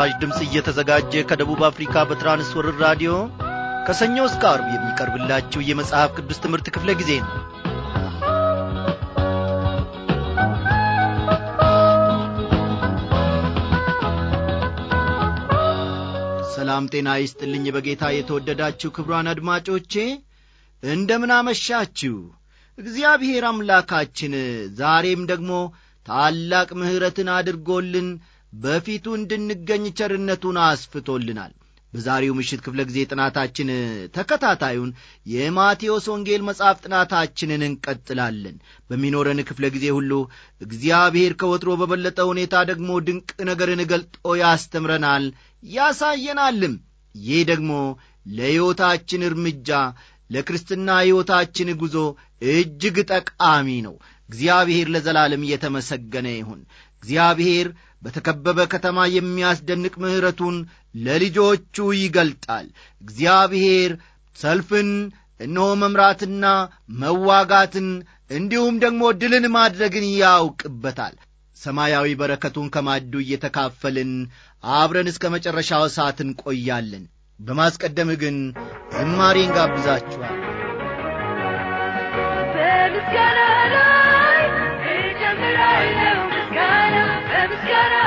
ለመስራች ድምፅ እየተዘጋጀ ከደቡብ አፍሪካ በትራንስወርር ራዲዮ ከሰኞ እስከ አርብ የሚቀርብላችሁ የመጽሐፍ ቅዱስ ትምህርት ክፍለ ጊዜ ነው ሰላም ጤና ይስጥልኝ በጌታ የተወደዳችሁ ክብሯን አድማጮቼ እንደምን አመሻችሁ እግዚአብሔር አምላካችን ዛሬም ደግሞ ታላቅ ምሕረትን አድርጎልን በፊቱ እንድንገኝ ቸርነቱን አስፍቶልናል። በዛሬው ምሽት ክፍለ ጊዜ ጥናታችን ተከታታዩን የማቴዎስ ወንጌል መጽሐፍ ጥናታችንን እንቀጥላለን። በሚኖረን ክፍለ ጊዜ ሁሉ እግዚአብሔር ከወትሮ በበለጠ ሁኔታ ደግሞ ድንቅ ነገርን ገልጦ ያስተምረናል፣ ያሳየናልም። ይህ ደግሞ ለሕይወታችን እርምጃ፣ ለክርስትና ሕይወታችን ጉዞ እጅግ ጠቃሚ ነው። እግዚአብሔር ለዘላለም እየተመሰገነ ይሁን። እግዚአብሔር በተከበበ ከተማ የሚያስደንቅ ምሕረቱን ለልጆቹ ይገልጣል እግዚአብሔር ሰልፍን እነሆ መምራትና መዋጋትን እንዲሁም ደግሞ ድልን ማድረግን ያውቅበታል ሰማያዊ በረከቱን ከማዱ እየተካፈልን አብረን እስከ መጨረሻው ሰዓት እንቆያለን በማስቀደም ግን እማሪ እንጋብዛችኋል። በምስጋና going got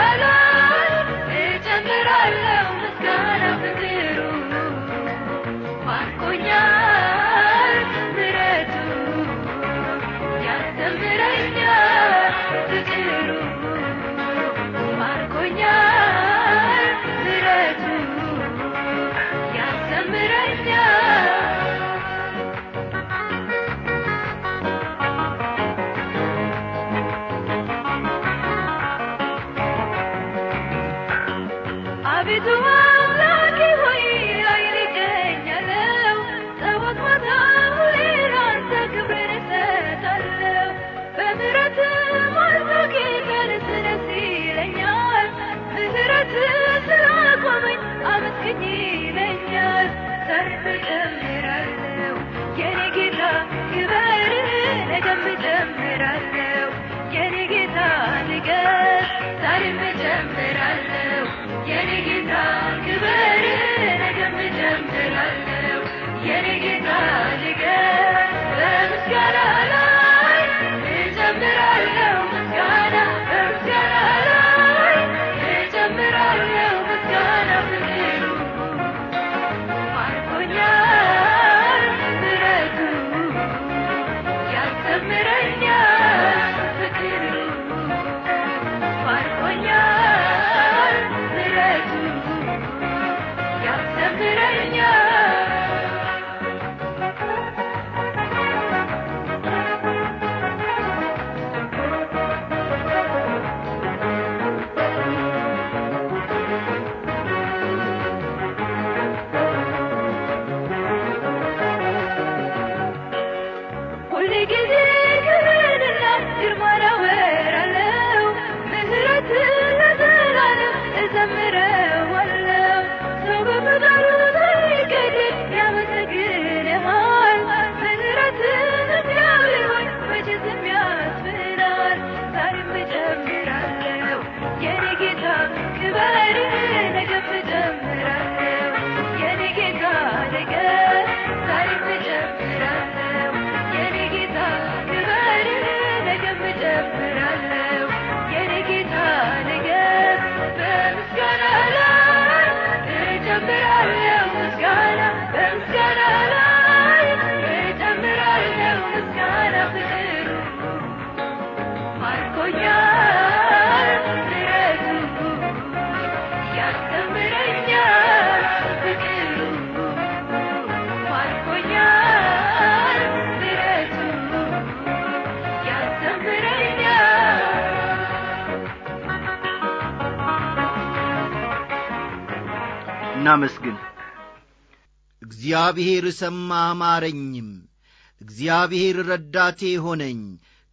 እናመስግን እግዚአብሔር ሰማ አማረኝም እግዚአብሔር ረዳቴ ሆነኝ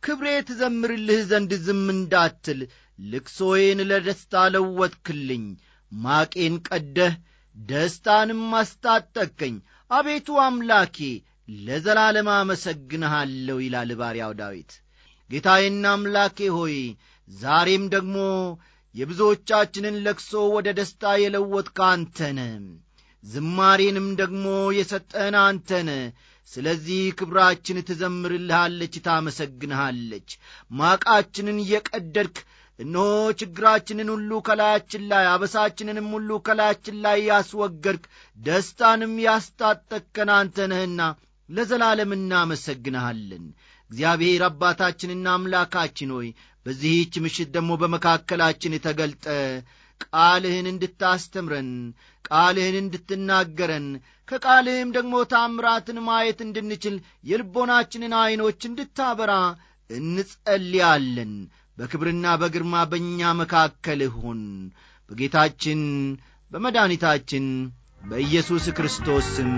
ክብሬ ትዘምርልህ ዘንድ ዝም እንዳትል ልቅሶዬን ለደስታ ለወትክልኝ ማቄን ቀደህ ደስታንም አስታጠቀኝ አቤቱ አምላኬ ለዘላለም አመሰግንሃለሁ ይላል ባሪያው ዳዊት ጌታዬና አምላኬ ሆይ ዛሬም ደግሞ የብዙዎቻችንን ለቅሶ ወደ ደስታ የለወጥክ አንተነ ዝማሬንም ደግሞ የሰጠን አንተነ ስለዚህ ክብራችን ትዘምርልሃለች ታመሰግንሃለች ማቃችንን እየቀደድክ እነሆ ችግራችንን ሁሉ ከላያችን ላይ አበሳችንንም ሁሉ ከላያችን ላይ ያስወገድክ ደስታንም ያስታጠቅከን አንተነህና ለዘላለም እናመሰግንሃለን እግዚአብሔር አባታችንና አምላካችን ሆይ በዚህች ምሽት ደግሞ በመካከላችን የተገልጠ ቃልህን እንድታስተምረን ቃልህን እንድትናገረን ከቃልህም ደግሞ ታምራትን ማየት እንድንችል የልቦናችንን ዐይኖች እንድታበራ እንጸልያለን። በክብርና በግርማ በእኛ መካከል ሁን። በጌታችን በመድኒታችን በኢየሱስ ክርስቶስ ስም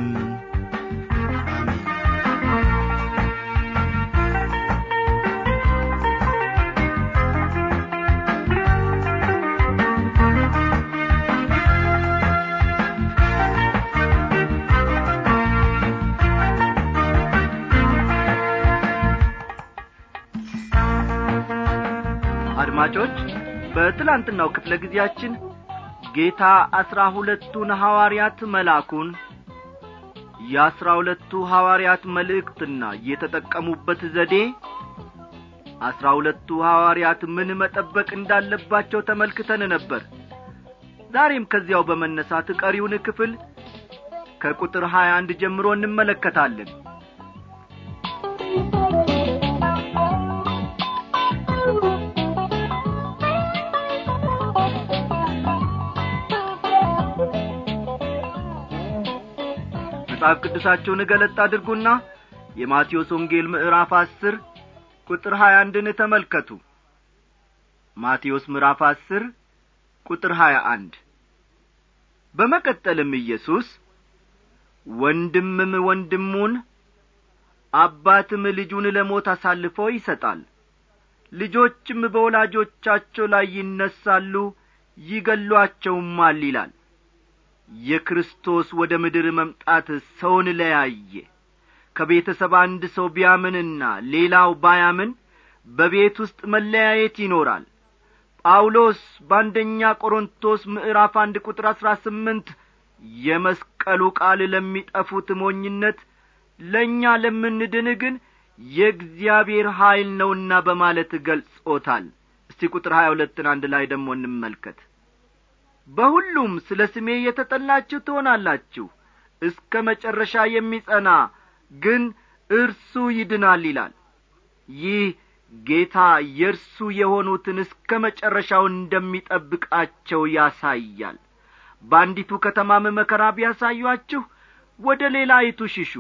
አድማጮች በትላንትናው ክፍለ ጊዜያችን ጌታ አሥራ ሁለቱን ሐዋርያት መላኩን የአሥራ ሁለቱ ሐዋርያት መልእክትና የተጠቀሙበት ዘዴ አሥራ ሁለቱ ሐዋርያት ምን መጠበቅ እንዳለባቸው ተመልክተን ነበር ዛሬም ከዚያው በመነሳት ቀሪውን ክፍል ከቁጥር ሀያ አንድ ጀምሮ እንመለከታለን መጽሐፍ ቅዱሳችሁን ገለጥ አድርጉና የማቴዎስ ወንጌል ምዕራፍ አስር ቁጥር ሀያ አንድን ተመልከቱ ማቴዎስ ምዕራፍ አስር ቁጥር ሀያ አንድ በመቀጠልም ኢየሱስ ወንድምም ወንድሙን አባትም ልጁን ለሞት አሳልፎ ይሰጣል ልጆችም በወላጆቻቸው ላይ ይነሳሉ ይገሏቸውማል ይላል የክርስቶስ ወደ ምድር መምጣት ሰውን ለያየ ከቤተሰብ አንድ ሰው ቢያምንና ሌላው ባያምን በቤት ውስጥ መለያየት ይኖራል ጳውሎስ በአንደኛ ቆሮንቶስ ምዕራፍ አንድ ቁጥር አሥራ ስምንት የመስቀሉ ቃል ለሚጠፉት ሞኝነት ለእኛ ለምንድን ግን የእግዚአብሔር ኀይል ነውና በማለት ገልጾታል እስቲ ቁጥር ሀያ ሁለትን አንድ ላይ ደግሞ እንመልከት በሁሉም ስለ ስሜ የተጠላችሁ ትሆናላችሁ እስከ መጨረሻ የሚጸና ግን እርሱ ይድናል ይላል ይህ ጌታ የእርሱ የሆኑትን እስከ መጨረሻው እንደሚጠብቃቸው ያሳያል በአንዲቱ ከተማም መከራ ቢያሳዩአችሁ ወደ ሌላይቱ ሽሹ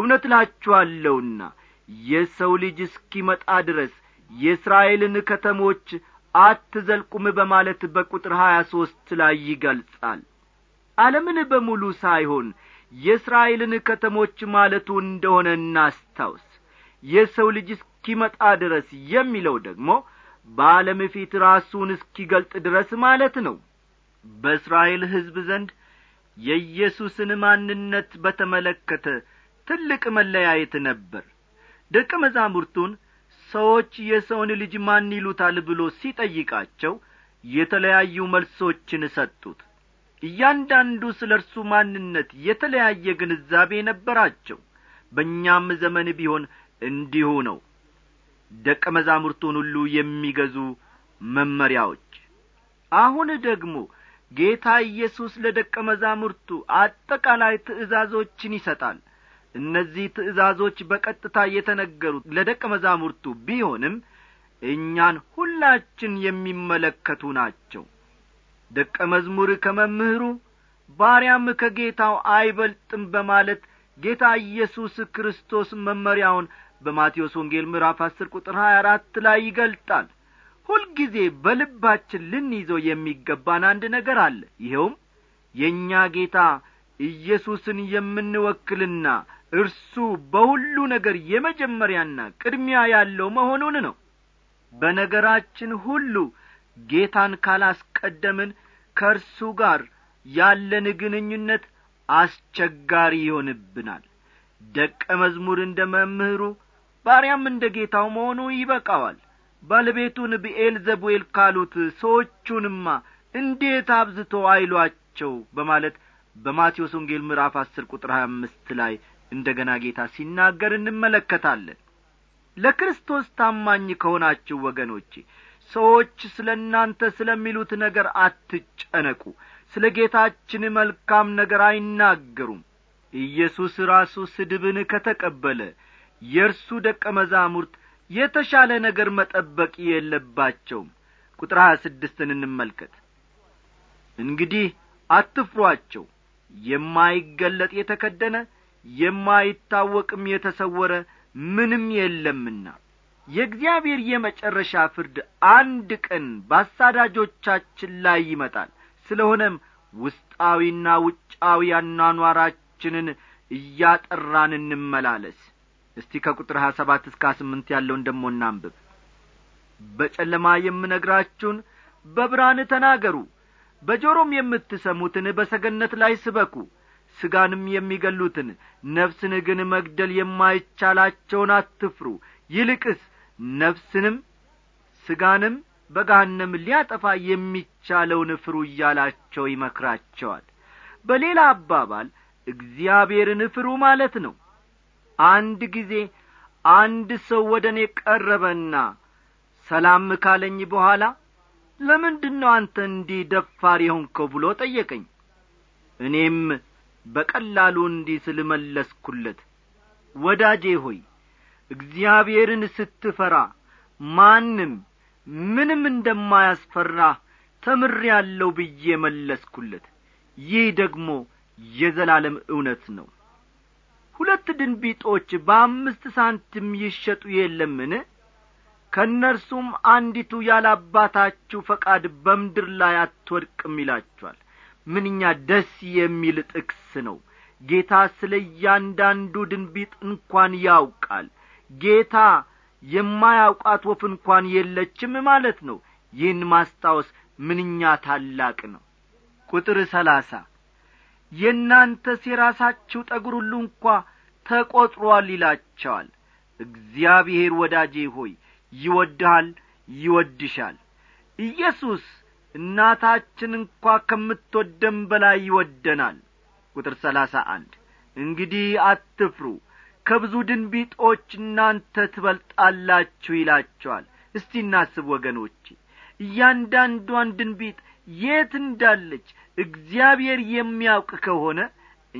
እውነት እላችኋለሁና የሰው ልጅ እስኪመጣ ድረስ የእስራኤልን ከተሞች አትዘልቁም በማለት በቁጥር ሀያ ሦስት ላይ ይገልጻል ዓለምን በሙሉ ሳይሆን የእስራኤልን ከተሞች ማለቱ እንደሆነ እናስታውስ የሰው ልጅ እስኪመጣ ድረስ የሚለው ደግሞ በዓለም ፊት ራሱን እስኪገልጥ ድረስ ማለት ነው በእስራኤል ሕዝብ ዘንድ የኢየሱስን ማንነት በተመለከተ ትልቅ መለያየት ነበር ደቀ መዛሙርቱን ሰዎች የሰውን ልጅ ማን ይሉታል ብሎ ሲጠይቃቸው የተለያዩ መልሶችን ሰጡት እያንዳንዱ ስለ እርሱ ማንነት የተለያየ ግንዛቤ ነበራቸው በእኛም ዘመን ቢሆን እንዲሁ ነው ደቀ መዛሙርቱን ሁሉ የሚገዙ መመሪያዎች አሁን ደግሞ ጌታ ኢየሱስ ለደቀ መዛሙርቱ አጠቃላይ ትእዛዞችን ይሰጣል እነዚህ ትእዛዞች በቀጥታ የተነገሩት ለደቀ መዛሙርቱ ቢሆንም እኛን ሁላችን የሚመለከቱ ናቸው ደቀ መዝሙር ከመምህሩ ባሪያም ከጌታው አይበልጥም በማለት ጌታ ኢየሱስ ክርስቶስ መመሪያውን በማቴዎስ ወንጌል ምዕራፍ አስር ቁጥር ሀያ አራት ላይ ይገልጣል ሁልጊዜ በልባችን ልንይዘው የሚገባን አንድ ነገር አለ ይኸውም የእኛ ጌታ ኢየሱስን የምንወክልና እርሱ በሁሉ ነገር የመጀመሪያና ቅድሚያ ያለው መሆኑን ነው በነገራችን ሁሉ ጌታን ካላስቀደምን ከእርሱ ጋር ያለን ግንኙነት አስቸጋሪ ይሆንብናል ደቀ መዝሙር እንደ መምህሩ ባሪያም እንደ ጌታው መሆኑ ይበቃዋል ባለቤቱን ብኤልዘቡኤል ካሉት ሰዎቹንማ እንዴት አብዝቶ አይሏቸው በማለት በማቴዎስ ወንጌል ምዕራፍ አስር ቁጥር ሀያ አምስት ላይ እንደ ገና ጌታ ሲናገር እንመለከታለን ለክርስቶስ ታማኝ ከሆናችሁ ወገኖቼ ሰዎች ስለ እናንተ ስለሚሉት ነገር አትጨነቁ ስለ ጌታችን መልካም ነገር አይናገሩም ኢየሱስ ራሱ ስድብን ከተቀበለ የእርሱ ደቀ መዛሙርት የተሻለ ነገር መጠበቅ የለባቸውም ቁጥር ሀያ ስድስትን እንመልከት እንግዲህ አትፍሯቸው የማይገለጥ የተከደነ የማይታወቅም የተሰወረ ምንም የለምና የእግዚአብሔር የመጨረሻ ፍርድ አንድ ቀን በአሳዳጆቻችን ላይ ይመጣል ስለ ሆነም ውስጣዊና ውጫዊ አኗኗራችንን እያጠራን እንመላለስ እስቲ ከቁጥር ሀያ ሰባት እስከ ስምንት ያለውን ደሞ እናንብብ በጨለማ የምነግራችሁን በብርሃን ተናገሩ በጆሮም የምትሰሙትን በሰገነት ላይ ስበኩ ሥጋንም የሚገሉትን ነፍስን ግን መግደል የማይቻላቸውን አትፍሩ ይልቅስ ነፍስንም ሥጋንም በገሃነም ሊያጠፋ የሚቻለውን ፍሩ እያላቸው ይመክራቸዋል በሌላ አባባል እግዚአብሔርን ፍሩ ማለት ነው አንድ ጊዜ አንድ ሰው ወደ እኔ ቀረበና ሰላም ካለኝ በኋላ ለምንድን ነው አንተ እንዲህ ደፋር የሆንከው ብሎ ጠየቀኝ እኔም በቀላሉ እንዲህ መለስኩለት ወዳጄ ሆይ እግዚአብሔርን ስትፈራ ማንም ምንም እንደማያስፈራ ተምር ያለው ብዬ መለስኩለት ይህ ደግሞ የዘላለም እውነት ነው ሁለት ድንቢጦች በአምስት ሳንቲም ይሸጡ የለምን ከእነርሱም አንዲቱ ያላባታችሁ ፈቃድ በምድር ላይ አትወድቅም ይላችኋል ምንኛ ደስ የሚል ጥቅስ ነው ጌታ ስለ እያንዳንዱ ድንቢጥ እንኳን ያውቃል ጌታ የማያውቃት ወፍ እንኳን የለችም ማለት ነው ይህን ማስታወስ ምንኛ ታላቅ ነው ቁጥር ሰላሳ የእናንተስ የራሳችሁ ጠጉር ሁሉ እንኳ ተቈጥሮአል ይላቸዋል እግዚአብሔር ወዳጄ ሆይ ይወድሃል ይወድሻል ኢየሱስ እናታችን እንኳ ከምትወደን በላይ ይወደናል ቁጥር ሰላሳ አንድ እንግዲህ አትፍሩ ከብዙ ድንቢጦች እናንተ ትበልጣላችሁ ይላቸዋል እስቲ እናስብ ወገኖች እያንዳንዷን ድንቢጥ የት እንዳለች እግዚአብሔር የሚያውቅ ከሆነ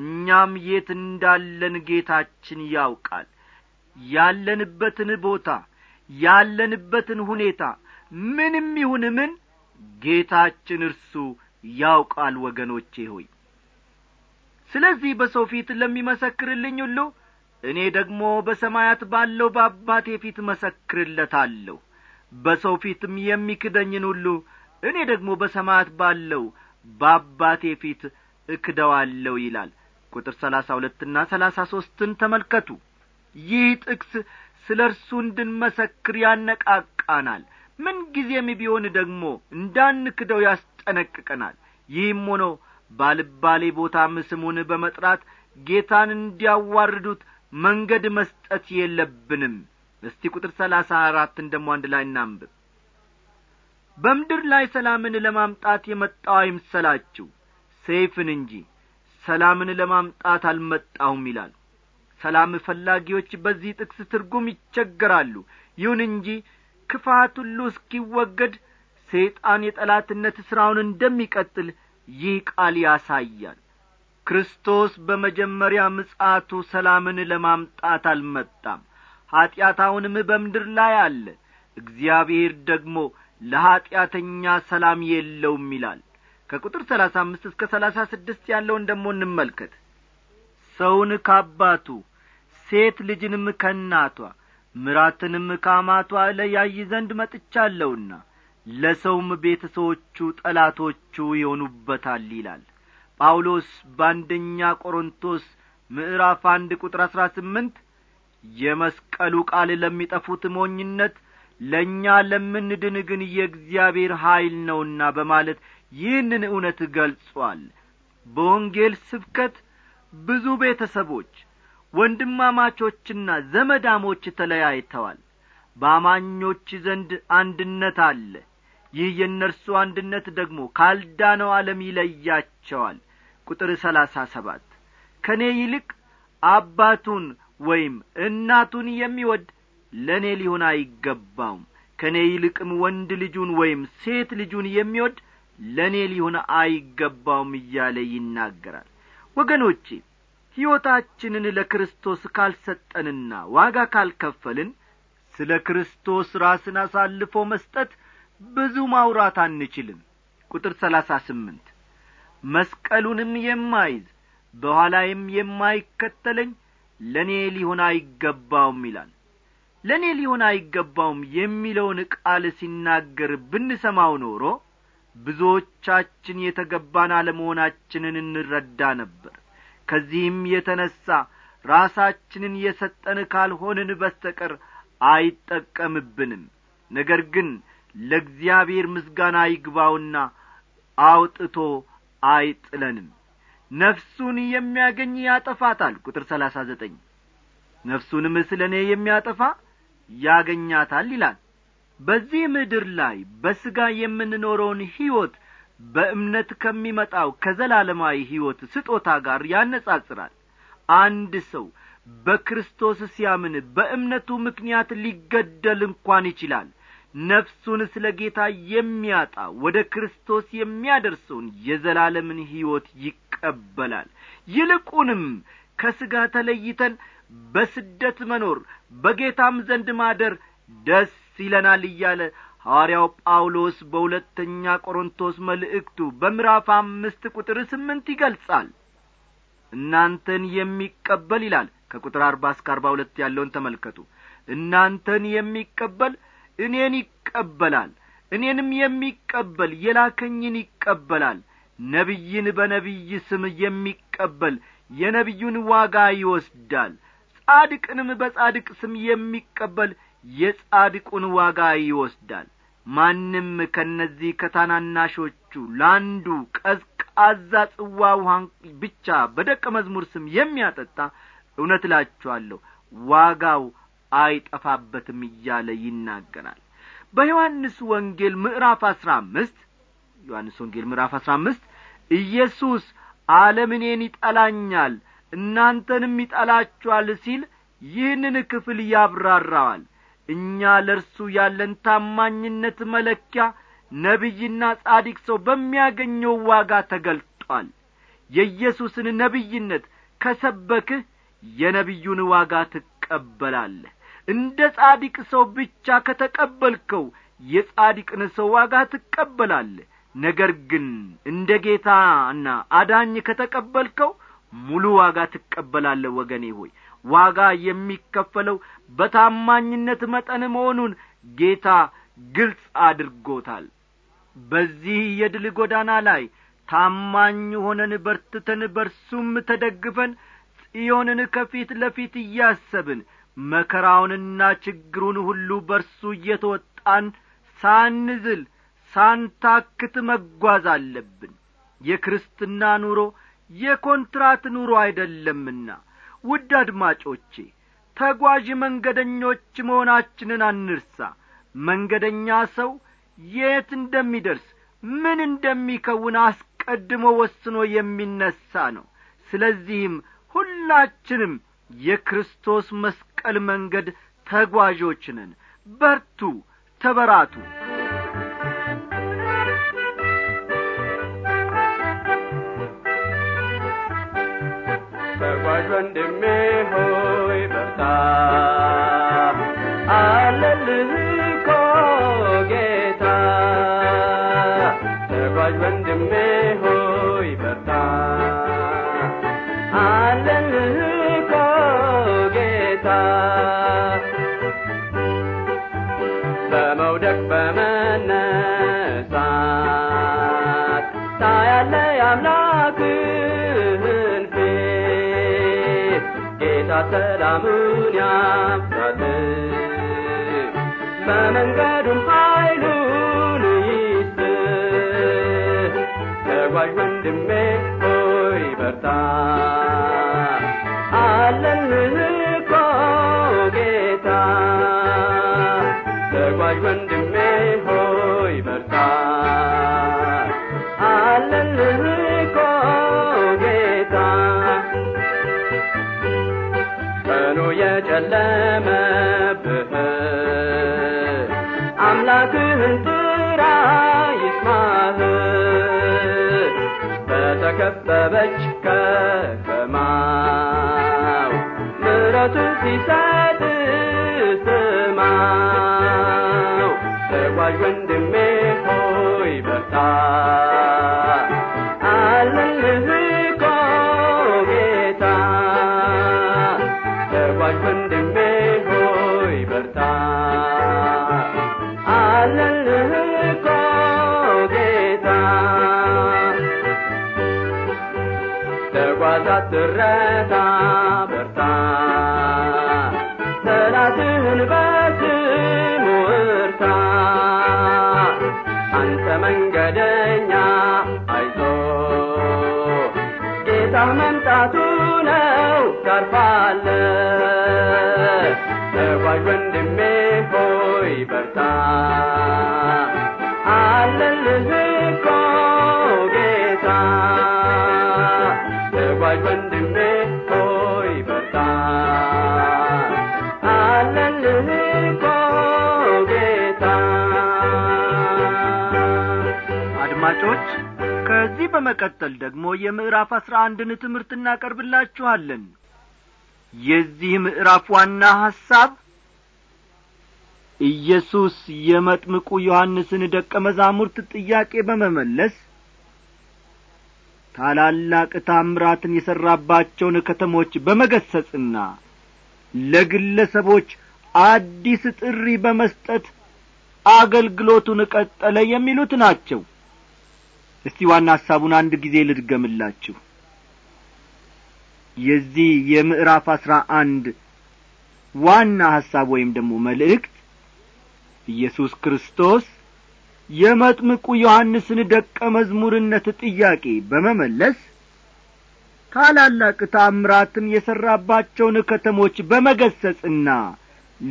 እኛም የት እንዳለን ጌታችን ያውቃል ያለንበትን ቦታ ያለንበትን ሁኔታ ምንም ይሁን ምን ጌታችን እርሱ ያውቃል ወገኖቼ ሆይ ስለዚህ በሰው ፊት ለሚመሰክርልኝ ሁሉ እኔ ደግሞ በሰማያት ባለው በአባቴ ፊት መሰክርለታለሁ በሰው ፊትም የሚክደኝን ሁሉ እኔ ደግሞ በሰማያት ባለው በአባቴ ፊት እክደዋለሁ ይላል ቁጥር ሰላሳ ሁለትና ሰላሳ ሦስትን ተመልከቱ ይህ ጥቅስ ስለ እርሱ እንድንመሰክር ያነቃቃናል ምንጊዜም ቢሆን ደግሞ እንዳንክደው ያስጠነቅቀናል ይህም ሆኖ ባልባሌ ቦታም ስሙን በመጥራት ጌታን እንዲያዋርዱት መንገድ መስጠት የለብንም እስቲ ቁጥር ሰላሳ አራትን ደግሞ አንድ ላይ እናንብብ በምድር ላይ ሰላምን ለማምጣት የመጣው አይምሰላችሁ ሰይፍን እንጂ ሰላምን ለማምጣት አልመጣሁም ይላል ሰላም ፈላጊዎች በዚህ ጥቅስ ትርጉም ይቸገራሉ ይሁን እንጂ ክፋት ሁሉ እስኪወገድ ሰይጣን የጠላትነት ሥራውን እንደሚቀጥል ይህ ቃል ያሳያል ክርስቶስ በመጀመሪያ ምጻቱ ሰላምን ለማምጣት አልመጣም ኀጢአታውንም በምድር ላይ አለ እግዚአብሔር ደግሞ ለኀጢአተኛ ሰላም የለውም ይላል ከቁጥር ሰላሳ አምስት እስከ ሰላሳ ስድስት ያለውን ደሞ እንመልከት ሰውን ካባቱ ሴት ልጅንም ከናቷ ምራትንም ከአማቷ እለያይ ዘንድ መጥቻለሁና ለሰውም ሰዎቹ ጠላቶቹ ይሆኑበታል ይላል ጳውሎስ በአንደኛ ቆሮንቶስ ምዕራፍ አንድ ቁጥር አሥራ ስምንት የመስቀሉ ቃል ለሚጠፉት ሞኝነት ለእኛ ለምንድን ግን የእግዚአብሔር ኀይል ነውና በማለት ይህንን እውነት ገልጿል በወንጌል ስብከት ብዙ ቤተሰቦች ወንድማማቾችና ዘመዳሞች ተለያይተዋል በአማኞች ዘንድ አንድነት አለ ይህ የእነርሱ አንድነት ደግሞ ካልዳነው ዓለም ይለያቸዋል ቁጥር ሰላሳ ሰባት ከእኔ ይልቅ አባቱን ወይም እናቱን የሚወድ ለእኔ ሊሆን አይገባውም ከእኔ ይልቅም ወንድ ልጁን ወይም ሴት ልጁን የሚወድ ለእኔ ሊሆን አይገባውም እያለ ይናገራል ወገኖቼ ሕይወታችንን ለክርስቶስ ካልሰጠንና ዋጋ ካልከፈልን ስለ ክርስቶስ ራስን አሳልፎ መስጠት ብዙ ማውራት አንችልም ቁጥር ሰላሳ ስምንት መስቀሉንም የማይዝ በኋላይም የማይከተለኝ ለእኔ ሊሆን አይገባውም ይላል ለእኔ ሊሆን አይገባውም የሚለውን ቃል ሲናገር ብንሰማው ኖሮ ብዙዎቻችን የተገባን አለመሆናችንን እንረዳ ነበር ከዚህም የተነሣ ራሳችንን የሰጠን ካልሆንን በስተቀር አይጠቀምብንም ነገር ግን ለእግዚአብሔር ምስጋና ይግባውና አውጥቶ አይጥለንም ነፍሱን የሚያገኝ ያጠፋታል ቁጥር ሰላሳ ዘጠኝ ነፍሱንም ስለ እኔ የሚያጠፋ ያገኛታል ይላል በዚህ ምድር ላይ በሥጋ የምንኖረውን ሕይወት በእምነት ከሚመጣው ከዘላለማዊ ሕይወት ስጦታ ጋር ያነጻጽራል አንድ ሰው በክርስቶስ ሲያምን በእምነቱ ምክንያት ሊገደል እንኳን ይችላል ነፍሱን ስለ ጌታ የሚያጣ ወደ ክርስቶስ የሚያደርሰውን የዘላለምን ሕይወት ይቀበላል ይልቁንም ከሥጋ ተለይተን በስደት መኖር በጌታም ዘንድ ማደር ደስ ይለናል እያለ ሐዋርያው ጳውሎስ በሁለተኛ ቆሮንቶስ መልእክቱ በምዕራፍ አምስት ቁጥር ስምንት ይገልጻል እናንተን የሚቀበል ይላል ከቁጥር አርባ እስከ አርባ ሁለት ያለውን ተመልከቱ እናንተን የሚቀበል እኔን ይቀበላል እኔንም የሚቀበል የላከኝን ይቀበላል ነቢይን በነቢይ ስም የሚቀበል የነቢዩን ዋጋ ይወስዳል ጻድቅንም በጻድቅ ስም የሚቀበል የጻድቁን ዋጋ ይወስዳል ማንም ከእነዚህ ከታናናሾቹ ለአንዱ ቀዝቃዛ ጽዋ ውሃን ብቻ በደቀ መዝሙር ስም የሚያጠጣ እውነት እላችኋለሁ ዋጋው አይጠፋበትም እያለ ይናገራል በዮሐንስ ወንጌል ምዕራፍ አስራ አምስት ዮሐንስ ወንጌል ምዕራፍ አስራ አምስት ኢየሱስ አለምኔን ይጠላኛል እናንተንም ይጠላችኋል ሲል ይህንን ክፍል ያብራራዋል እኛ ለእርሱ ያለን ታማኝነት መለኪያ ነቢይና ጻዲቅ ሰው በሚያገኘው ዋጋ ተገልጧል የኢየሱስን ነቢይነት ከሰበክህ የነቢዩን ዋጋ ትቀበላለህ እንደ ጻዲቅ ሰው ብቻ ከተቀበልከው የጻዲቅን ሰው ዋጋ ትቀበላለህ ነገር ግን እንደ ጌታና አዳኝ ከተቀበልከው ሙሉ ዋጋ ትቀበላለህ ወገኔ ሆይ ዋጋ የሚከፈለው በታማኝነት መጠን መሆኑን ጌታ ግልጽ አድርጎታል በዚህ የድል ጐዳና ላይ ታማኝ ሆነን በርትተን በርሱም ተደግፈን ጽዮንን ከፊት ለፊት እያሰብን መከራውንና ችግሩን ሁሉ በርሱ እየተወጣን ሳንዝል ሳንታክት መጓዝ አለብን የክርስትና ኑሮ የኮንትራት ኑሮ አይደለምና ውድ አድማጮቼ ተጓዥ መንገደኞች መሆናችንን አንርሳ መንገደኛ ሰው የት እንደሚደርስ ምን እንደሚከውን አስቀድሞ ወስኖ የሚነሣ ነው ስለዚህም ሁላችንም የክርስቶስ መስቀል መንገድ ተጓዦች ነን በርቱ ተበራቱ ወንድሜ ሆይ በርታ አለልህ እኮ ጌታ ተጓዥ ወንድሜ ሆይ በርታ አለልህ እኮ ጌታ በመውደቅ በመነ ሰላምን ያብዛል በመንገዱም ኃይሉን ይስጥ ተጓዥ ወንድሜ ሆይ በርታ አለንህ ጌታ ተጓዥ ወንድሜ መንጥራ ይስማህ በተከበበች ከተማው ምሕረቱን ሲሰጥ ስማው ተጓዥ ወንድሜ ሆይ በርታ ወዳጅ ወንድሜ ሆይ አለልህ እኮ ጌታ። አድማጮች ከዚህ በመቀጠል ደግሞ የምዕራፍ አስራ አንድን ትምህርት እናቀርብላችኋለን። የዚህ ምዕራፍ ዋና ሐሳብ ኢየሱስ የመጥምቁ ዮሐንስን ደቀ መዛሙርት ጥያቄ በመመለስ ታላላቅ ታምራትን የሠራባቸውን ከተሞች በመገሰጽና ለግለሰቦች አዲስ ጥሪ በመስጠት አገልግሎቱን ቀጠለ የሚሉት ናቸው እስቲ ዋና ሐሳቡን አንድ ጊዜ ልድገምላችሁ የዚህ የምዕራፍ አሥራ አንድ ዋና ሐሳብ ወይም ደግሞ መልእክት ኢየሱስ ክርስቶስ የመጥምቁ ዮሐንስን ደቀ መዝሙርነት ጥያቄ በመመለስ ታላላቅ ታምራትን የሠራባቸውን ከተሞች በመገሰጽና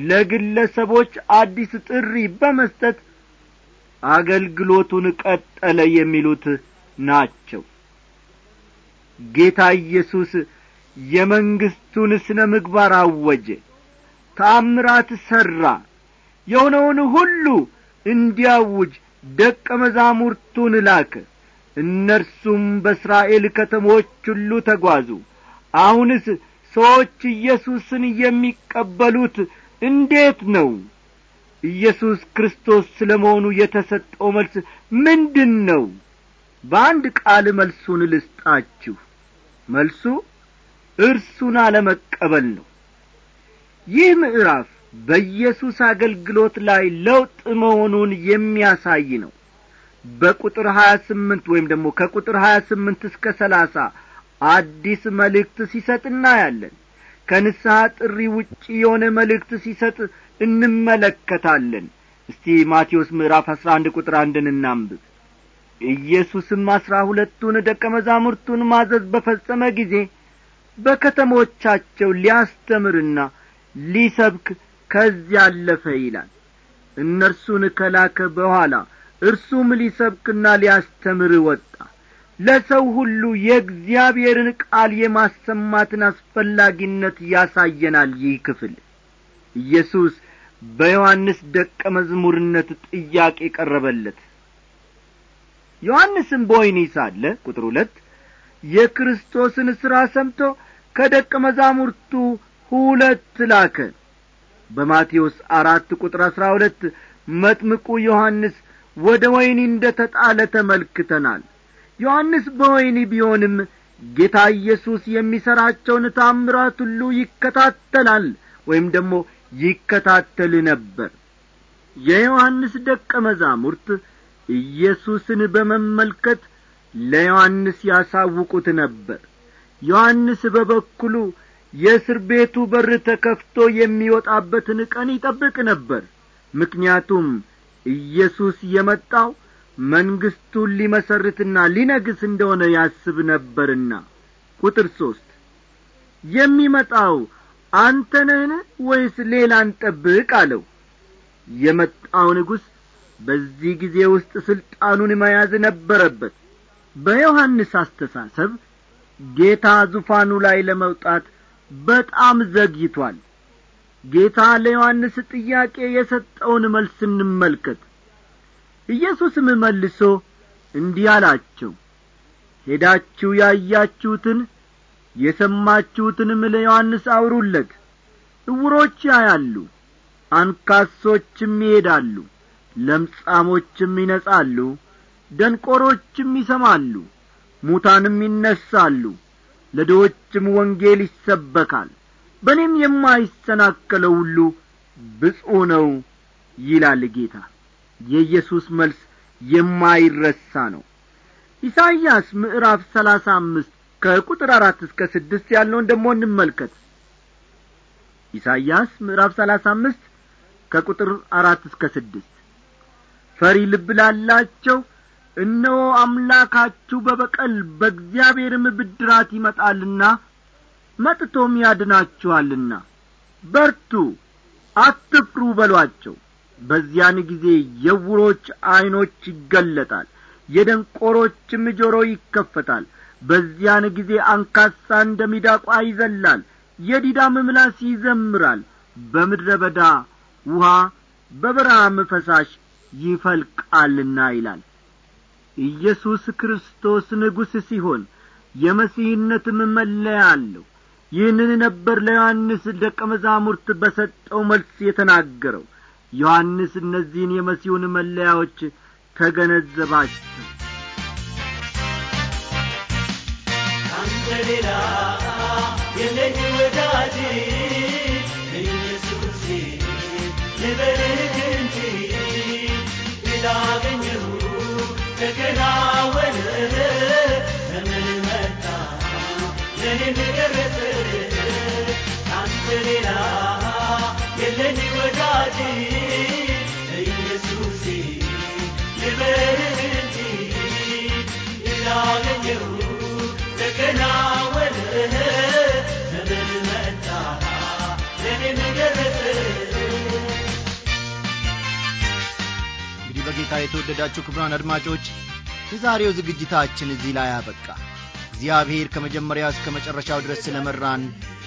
ለግለሰቦች አዲስ ጥሪ በመስጠት አገልግሎቱን ቀጠለ የሚሉት ናቸው ጌታ ኢየሱስ የመንግሥቱን ስነ ምግባር አወጀ ታምራት ሠራ የሆነውን ሁሉ እንዲያውጅ ደቀ መዛሙርቱን ላከ እነርሱም በእስራኤል ከተሞች ሁሉ ተጓዙ አሁንስ ሰዎች ኢየሱስን የሚቀበሉት እንዴት ነው ኢየሱስ ክርስቶስ ስለ መሆኑ የተሰጠው መልስ ምንድን ነው በአንድ ቃል መልሱን ልስጣችሁ መልሱ እርሱን አለመቀበል ነው ይህ ምዕራፍ በኢየሱስ አገልግሎት ላይ ለውጥ መሆኑን የሚያሳይ ነው በቁጥር ሀያ ስምንት ወይም ደግሞ ከቁጥር ሀያ ስምንት እስከ ሰላሳ አዲስ መልእክት ሲሰጥ እናያለን ከንስሐ ጥሪ ውጪ የሆነ መልእክት ሲሰጥ እንመለከታለን እስቲ ማቴዎስ ምዕራፍ አሥራ አንድ ቁጥር አንድን እናንብብ ኢየሱስም አሥራ ሁለቱን ደቀ መዛሙርቱን ማዘዝ በፈጸመ ጊዜ በከተሞቻቸው ሊያስተምርና ሊሰብክ ከዚህ አለፈ ይላል እነርሱን ከላከ በኋላ እርሱም ሊሰብክና ሊያስተምር ወጣ ለሰው ሁሉ የእግዚአብሔርን ቃል የማሰማትን አስፈላጊነት ያሳየናል ይህ ክፍል ኢየሱስ በዮሐንስ ደቀ መዝሙርነት ጥያቄ ቀረበለት ዮሐንስም በወይኒ ሳለ ቁጥር ሁለት የክርስቶስን ሥራ ሰምቶ ከደቀ መዛሙርቱ ሁለት ላከ በማቴዎስ አራት ቁጥር አሥራ ሁለት መጥምቁ ዮሐንስ ወደ ወይኒ እንደ ተጣለ ተመልክተናል ዮሐንስ በወይኒ ቢሆንም ጌታ ኢየሱስ የሚሠራቸውን ታምራት ሁሉ ይከታተላል ወይም ደግሞ ይከታተል ነበር የዮሐንስ ደቀ መዛሙርት ኢየሱስን በመመልከት ለዮሐንስ ያሳውቁት ነበር ዮሐንስ በበኩሉ የእስር ቤቱ በር ተከፍቶ የሚወጣበትን ቀን ይጠብቅ ነበር ምክንያቱም ኢየሱስ የመጣው መንግሥቱን ሊመሰርትና ሊነግስ እንደሆነ ያስብ ነበርና ቁጥር ሦስት የሚመጣው አንተንህን ወይስ ሌላን ጠብቅ አለው የመጣው ንጉሥ በዚህ ጊዜ ውስጥ ሥልጣኑን መያዝ ነበረበት በዮሐንስ አስተሳሰብ ጌታ ዙፋኑ ላይ ለመውጣት በጣም ዘግይቷል ጌታ ለዮሐንስ ጥያቄ የሰጠውን መልስ እንመልከት ኢየሱስም መልሶ እንዲህ አላቸው ሄዳችሁ ያያችሁትን የሰማችሁትንም ለዮሐንስ አውሩለት እውሮች ያያሉ አንካሶችም ይሄዳሉ ለምጻሞችም ይነጻሉ ደንቆሮችም ይሰማሉ ሙታንም ይነሳሉ ለድዎችም ወንጌል ይሰበካል በእኔም የማይሰናከለው ሁሉ ብፁ ነው ይላል ጌታ የኢየሱስ መልስ የማይረሳ ነው ኢሳይያስ ምዕራፍ ሰላሳ አምስት ከቁጥር አራት እስከ ስድስት ያለውን ደግሞ እንመልከት ኢሳይያስ ምዕራፍ ሰላሳ አምስት ከቁጥር አራት እስከ ስድስት ፈሪ ልብ ላላቸው እነሆ አምላካችሁ በበቀል በእግዚአብሔርም ብድራት ይመጣልና መጥቶም ያድናችኋልና በርቱ አትፍሩ በሏቸው በዚያን ጊዜ የውሮች ዐይኖች ይገለጣል የደንቆሮችም ጆሮ ይከፈታል በዚያን ጊዜ አንካሳ እንደ ሚዳቋ ይዘላል የዲዳም ምላስ ይዘምራል በምድረ በዳ ውሃ በበረሃም ፈሳሽ ይፈልቃልና ይላል ኢየሱስ ክርስቶስ ንጉሥ ሲሆን የመሲህነትም መለያ አለው ይህንን ነበር ለዮሐንስ ደቀ መዛሙርት በሰጠው መልስ የተናገረው ዮሐንስ እነዚህን የመሲሁን መለያዎች ተገነዘባቸው አንተ ሌላ የለኝ ወዳጅ ኢየሱስ ልበልህ እንጂ እንደገና ወን ዘመን መጣ ለእኔ ንገረት ወን ዘመን መጣ በጌታ የተወደዳችሁ ክብራን አድማጮች የዛሬው ዝግጅታችን እዚህ ላይ አበቃ እግዚአብሔር ከመጀመሪያ እስከ መጨረሻው ድረስ ስለ መራን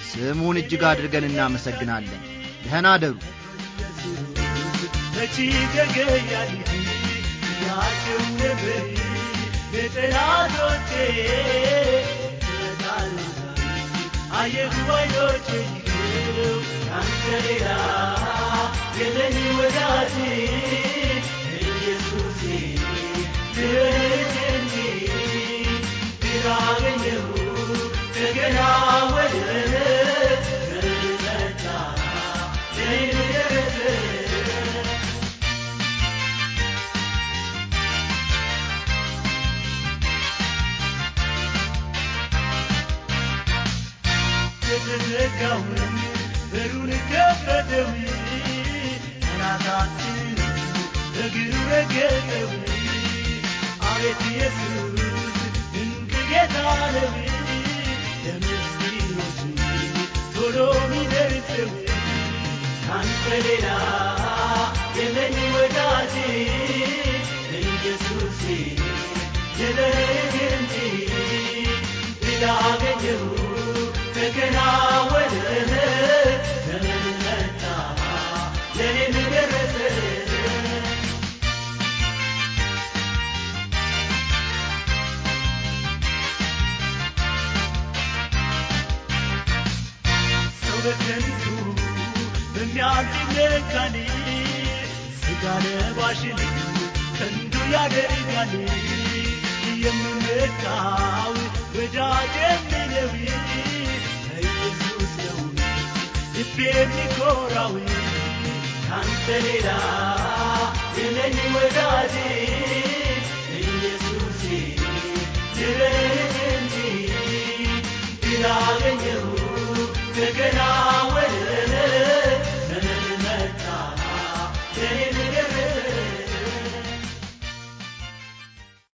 ስሙን እጅግ አድርገን እናመሰግናለን ደህና አደሩ ለጠላቶቼ አየሁ ባይኖቼ ይግሩ በከንቱ በሚያድግ ካኔ ስጋ ለባሽን ከንቱ ያደርጋል የምመካው ወዳጄ ነቢይ Ipiedni you, Kanterira Tine niwe gadi In Jezusi Tine niwe gadi Tine niwe gadi Tine niwe gadi